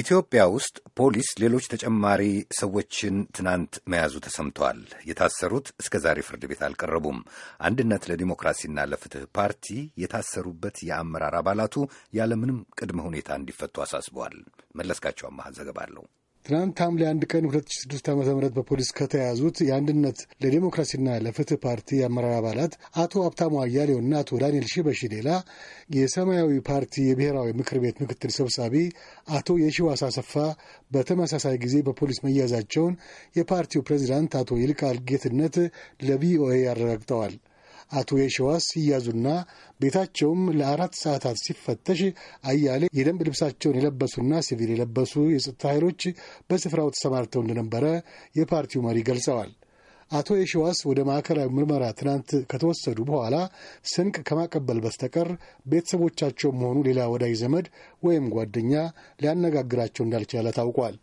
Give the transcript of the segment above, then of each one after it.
ኢትዮጵያ ውስጥ ፖሊስ ሌሎች ተጨማሪ ሰዎችን ትናንት መያዙ ተሰምተዋል። የታሰሩት እስከ ዛሬ ፍርድ ቤት አልቀረቡም። አንድነት ለዲሞክራሲና ለፍትህ ፓርቲ የታሰሩበት የአመራር አባላቱ ያለምንም ቅድመ ሁኔታ እንዲፈቱ አሳስበዋል። መለስካቸው አማሃ ዘገባ አለው። ትናንት ሐምሌ አንድ ቀን 2006 ዓ ም በፖሊስ ከተያዙት የአንድነት ለዴሞክራሲና ለፍትህ ፓርቲ የአመራር አባላት አቶ ሀብታሙ አያሌውና አቶ ዳንኤል ሺበሺ ሌላ የሰማያዊ ፓርቲ የብሔራዊ ምክር ቤት ምክትል ሰብሳቢ አቶ የሺዋስ አሰፋ በተመሳሳይ ጊዜ በፖሊስ መያዛቸውን የፓርቲው ፕሬዚዳንት አቶ ይልቃል ጌትነት ለቪኦኤ አረጋግጠዋል። አቶ የሸዋስ ሲያዙና ቤታቸውም ለአራት ሰዓታት ሲፈተሽ አያሌ የደንብ ልብሳቸውን የለበሱና ሲቪል የለበሱ የጸጥታ ኃይሎች በስፍራው ተሰማርተው እንደነበረ የፓርቲው መሪ ገልጸዋል። አቶ የሸዋስ ወደ ማዕከላዊ ምርመራ ትናንት ከተወሰዱ በኋላ ስንቅ ከማቀበል በስተቀር ቤተሰቦቻቸውም ሆኑ ሌላ ወዳጅ ዘመድ ወይም ጓደኛ ሊያነጋግራቸው እንዳልቻለ ታውቋል።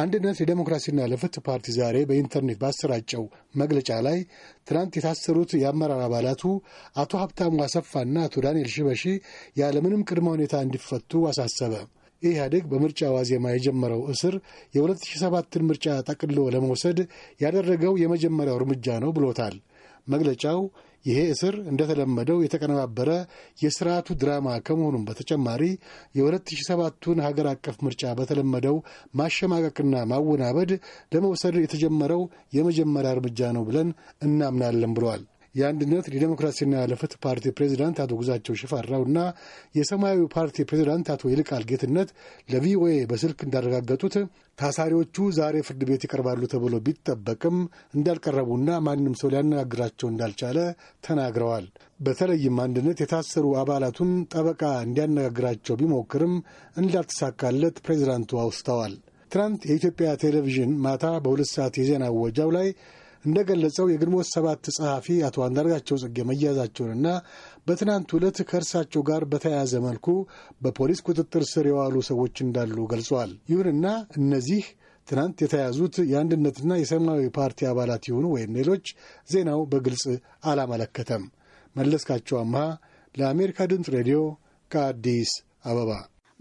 አንድነት ለዴሞክራሲና ለፍትህ ፓርቲ ዛሬ በኢንተርኔት ባሰራጨው መግለጫ ላይ ትናንት የታሰሩት የአመራር አባላቱ አቶ ሀብታሙ አሰፋና አቶ ዳንኤል ሽበሺ ያለምንም ቅድመ ሁኔታ እንዲፈቱ አሳሰበ። ኢህአዴግ በምርጫ ዋዜማ የጀመረው እስር የ2007ን ምርጫ ጠቅሎ ለመውሰድ ያደረገው የመጀመሪያው እርምጃ ነው ብሎታል መግለጫው። ይሄ እስር እንደተለመደው የተቀነባበረ የስርዓቱ ድራማ ከመሆኑም በተጨማሪ የ2007ቱን ሀገር አቀፍ ምርጫ በተለመደው ማሸማቀቅና ማወናበድ ለመውሰድ የተጀመረው የመጀመሪያ እርምጃ ነው ብለን እናምናለን ብሏል። የአንድነት ለዲሞክራሲና ለፍትህ ፓርቲ ፕሬዚዳንት አቶ ግዛቸው እና የሰማያዊ ፓርቲ ፕሬዚዳንት አቶ ይልቃል ጌትነት ለቪኦኤ በስልክ እንዳረጋገጡት ታሳሪዎቹ ዛሬ ፍርድ ቤት ይቀርባሉ ተብሎ ቢጠበቅም እንዳልቀረቡና ማንም ሰው ሊያነጋግራቸው እንዳልቻለ ተናግረዋል። በተለይም አንድነት የታሰሩ አባላቱን ጠበቃ እንዲያነጋግራቸው ቢሞክርም እንዳልተሳካለት ፕሬዚዳንቱ አውስተዋል። ትናንት የኢትዮጵያ ቴሌቪዥን ማታ በሁለት ሰዓት የዜና ወጃው ላይ እንደገለጸው የግንቦት ሰባት ጸሐፊ አቶ አንዳርጋቸው ጽጌ መያዛቸውንና በትናንት ዕለት ከእርሳቸው ጋር በተያያዘ መልኩ በፖሊስ ቁጥጥር ስር የዋሉ ሰዎች እንዳሉ ገልጿል። ይሁንና እነዚህ ትናንት የተያዙት የአንድነትና የሰማያዊ ፓርቲ አባላት ይሁኑ ወይም ሌሎች ዜናው በግልጽ አላመለከተም። መለስካቸው አምሃ ለአሜሪካ ድምፅ ሬዲዮ ከአዲስ አበባ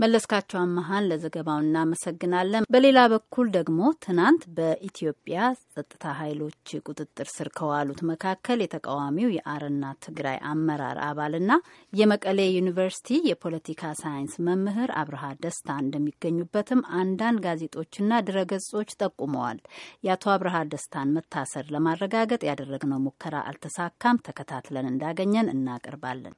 መለስካቸው አመሃን ለዘገባው እናመሰግናለን። በሌላ በኩል ደግሞ ትናንት በኢትዮጵያ ጸጥታ ኃይሎች ቁጥጥር ስር ከዋሉት መካከል የተቃዋሚው የአረና ትግራይ አመራር አባልና የመቀሌ ዩኒቨርሲቲ የፖለቲካ ሳይንስ መምህር አብርሃ ደስታ እንደሚገኙበትም አንዳንድ ጋዜጦችና ድረገጾች ጠቁመዋል። የአቶ አብርሃ ደስታን መታሰር ለማረጋገጥ ያደረግነው ሙከራ አልተሳካም። ተከታትለን እንዳገኘን እናቀርባለን።